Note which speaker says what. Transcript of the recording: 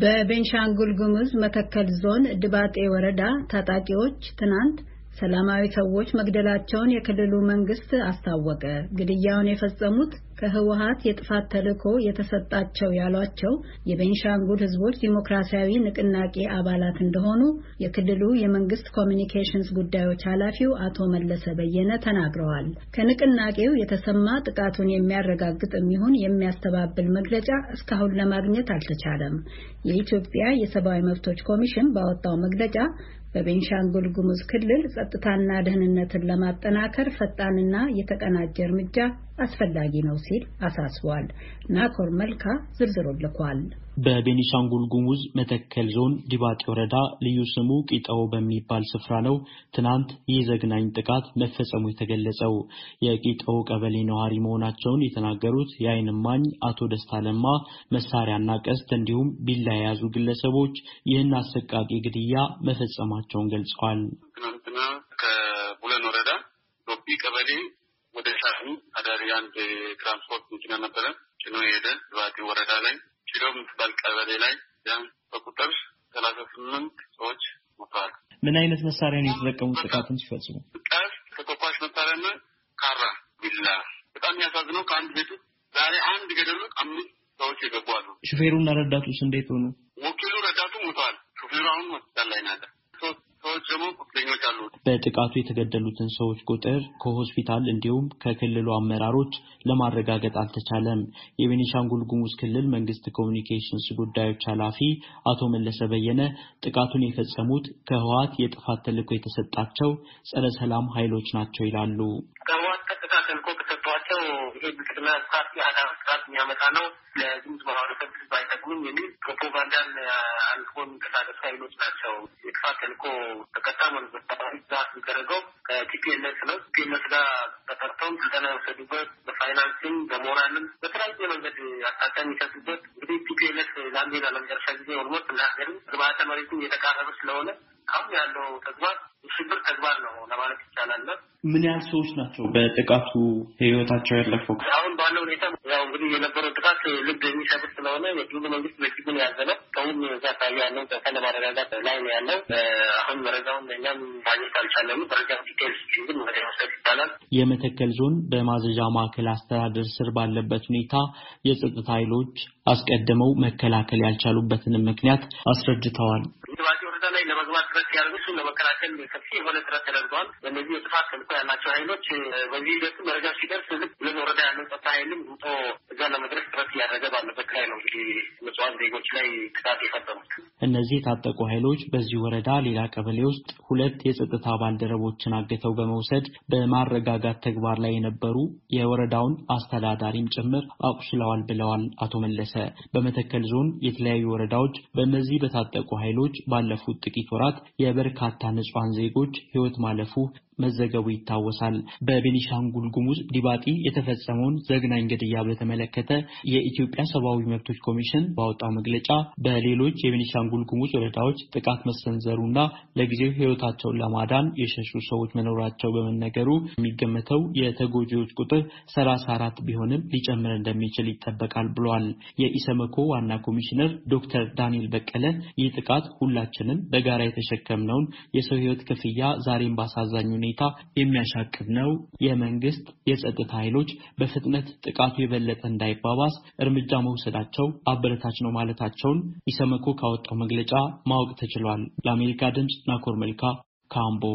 Speaker 1: በቤንሻንጉል ጉሙዝ መተከል ዞን ድባጤ ወረዳ ታጣቂዎች ትናንት ሰላማዊ ሰዎች መግደላቸውን የክልሉ መንግስት አስታወቀ። ግድያውን የፈጸሙት ከህወሀት የጥፋት ተልዕኮ የተሰጣቸው ያሏቸው የቤንሻንጉል ህዝቦች ዲሞክራሲያዊ ንቅናቄ አባላት እንደሆኑ የክልሉ የመንግስት ኮሚኒኬሽንስ ጉዳዮች ኃላፊው አቶ መለሰ በየነ ተናግረዋል። ከንቅናቄው የተሰማ ጥቃቱን የሚያረጋግጥ የሚሆን የሚያስተባብል መግለጫ እስካሁን ለማግኘት አልተቻለም። የኢትዮጵያ የሰብአዊ መብቶች ኮሚሽን ባወጣው መግለጫ በቤንሻንጉል ጉሙዝ ክልል ጸጥታና ደህንነትን ለማጠናከር ፈጣንና የተቀናጀ እርምጃ አስፈላጊ ነው ሲል አሳስቧል። ናኮር መልካ ዝርዝሩን ልኳል።
Speaker 2: በቤኒሻንጉል ጉሙዝ መተከል ዞን ዲባጢ ወረዳ ልዩ ስሙ ቂጠው በሚባል ስፍራ ነው ትናንት ይህ ዘግናኝ ጥቃት መፈጸሙ የተገለጸው። የቂጠው ቀበሌ ነዋሪ መሆናቸውን የተናገሩት የአይንማኝ እማኝ አቶ ደስታ ለማ መሳሪያና ቀስት እንዲሁም ቢላ የያዙ ግለሰቦች ይህን አሰቃቂ ግድያ መፈጸማቸውን ገልጸዋል።
Speaker 3: የአንድ ትራንስፖርት መኪና ነበረ ጭኖ የሄደ ባቲ ወረዳ ላይ ችሎ ምትባል ቀበሌ ላይ ቢያንስ በቁጥር ሰላሳ
Speaker 2: ስምንት ሰዎች ሞተዋል። ምን አይነት መሳሪያ ነው የተጠቀሙት ጥቃቱን ሲፈጽሙ?
Speaker 3: ቀስ ተተኳሽ መሳሪያና ካራ ቢላ። በጣም የሚያሳዝነው ከአንድ ቤት ዛሬ አንድ ገደሉ አምስት ሰዎች የገቡ አሉ።
Speaker 2: ሹፌሩና ረዳቱስ እንዴት ሆኑ?
Speaker 3: ወኪሉ ረዳቱ ሞተዋል። ሹፌሩ አሁን ሆስፒታል ላይ ናለ። ሰዎች ደግሞ ቁስለኞች አሉ።
Speaker 2: በጥቃቱ የተገደሉትን ሰዎች ቁጥር ከሆስፒታል እንዲሁም ከክልሉ አመራሮች ለማረጋገጥ አልተቻለም። የቤኒሻንጉል ጉሙዝ ክልል መንግስት ኮሚኒኬሽንስ ጉዳዮች ኃላፊ አቶ መለሰ በየነ ጥቃቱን የፈጸሙት ከህወሓት የጥፋት ተልዕኮ የተሰጣቸው ጸረ ሰላም ኃይሎች ናቸው ይላሉ። ከህወሓት
Speaker 3: ቀጥታ ተልዕኮ ከሰጧቸው ይሄ ብቅድመ ፓርቲ ጉዳት የሚያመጣ ነው፣ ለግምት ማህበረሰብ ህዝብ አይጠቅምም የሚል ፕሮፓጋንዳን አልፎ የሚንቀሳቀሱ ኃይሎች ናቸው። የጥፋት ተልኮ ተቀጣ መንግስታዊ ዛት የሚደረገው ከቲፒኤልኤስ ነው። ቲፒኤልኤስ ጋር ተጠርተውም ስልጠና የወሰዱበት በፋይናንስም በሞራልም በተለያየ መንገድ አሳታ የሚሰጡበት እንግዲህ ቲፒኤልኤስ ለአንዴና ለመጨረሻ ጊዜ ኦልሞት እንደ ሀገርም ግብዓተ መሬቱ እየተቃረበ ስለሆነ አሁን ያለው ተግባር ሽብር ተግባር ነው ለማለት
Speaker 2: ይቻላል። ምን ያህል ሰዎች ናቸው በጥቃቱ ህይወታቸው ያለፈው? አሁን ባለው ሁኔታ ያው እንግዲህ የነበረው ጥቃት
Speaker 3: ልብ የሚሰብር ስለሆነ የክልሉ መንግስት በእጅጉን ያዘ ነው። ሰውም እዛ አካባቢ ያለው ከተለ ማረጋጋት ላይ ነው ያለው። አሁን መረጃውን እኛም ማግኘት አልቻለም። መረጃ ዲቴልስ ግን ወደ መውሰድ
Speaker 2: ይቻላል። የመተከል ዞን በማዘዣ ማዕከል አስተዳደር ስር ባለበት ሁኔታ የጸጥታ ኃይሎች አስቀድመው መከላከል ያልቻሉበትንም ምክንያት አስረድተዋል። ወረዳ ላይ ለመግባት ጥረት ያደርጉ እሱን ለመከላከል ሰፊ የሆነ ጥረት ተደርገዋል።
Speaker 3: በእነዚህ የጥፋት ተልዕኮ ያላቸው ኃይሎች በዚህ ሂደቱ መረጃ ሲደርስ ልክ ብለን ወረዳ ያለው ጸጥታ ኃይልም ሩጦ እዛ ለመድረስ ጥረት እያደረገ ባለበት ላይ ነው እንግዲህ ንጹሐን ዜጎች ላይ ቅጣት
Speaker 2: የፈጸሙት። እነዚህ የታጠቁ ኃይሎች በዚህ ወረዳ ሌላ ቀበሌ ውስጥ ሁለት የጸጥታ ባልደረቦችን አግተው በመውሰድ በማረጋጋት ተግባር ላይ የነበሩ የወረዳውን አስተዳዳሪም ጭምር አቁስለዋል ብለዋል አቶ መለሰ። በመተከል ዞን የተለያዩ ወረዳዎች በእነዚህ በታጠቁ ኃይሎች ባለፉት ጥቂት ወራት የበርካታ ንጹሐን ዜጎች ህይወት ማለፉ መዘገቡ ይታወሳል። በቤኒሻንጉል ጉሙዝ ዲባጢ የተፈጸመውን ዘግናኝ ግድያ በተመለከተ የኢትዮጵያ ሰብአዊ መብቶች ኮሚሽን ባወጣው መግለጫ በሌሎች የቤኒሻንጉል ጉሙዝ ወረዳዎች ጥቃት መሰንዘሩና ለጊዜው ህይወታቸውን ለማዳን የሸሹ ሰዎች መኖራቸው በመነገሩ የሚገመተው የተጎጂዎች ቁጥር ሰላሳ አራት ቢሆንም ሊጨምር እንደሚችል ይጠበቃል ብሏል። የኢሰመኮ ዋና ኮሚሽነር ዶክተር ዳንኤል በቀለ ይህ ጥቃት ሁላችንም በጋራ የተሸከምነውን የሰው ህይወት ክፍያ ዛሬም በአሳዛኝ ሁኔታ የሚያሻቅብ ነው። የመንግስት የጸጥታ ኃይሎች በፍጥነት ጥቃቱ የበለጠ እንዳይባባስ እርምጃ መውሰዳቸው አበረታ በታች ነው ማለታቸውን
Speaker 3: ኢሰመኮ ካወጣው መግለጫ ማወቅ ተችሏል። ለአሜሪካ ድምፅ ናኮር መልካ ካምቦ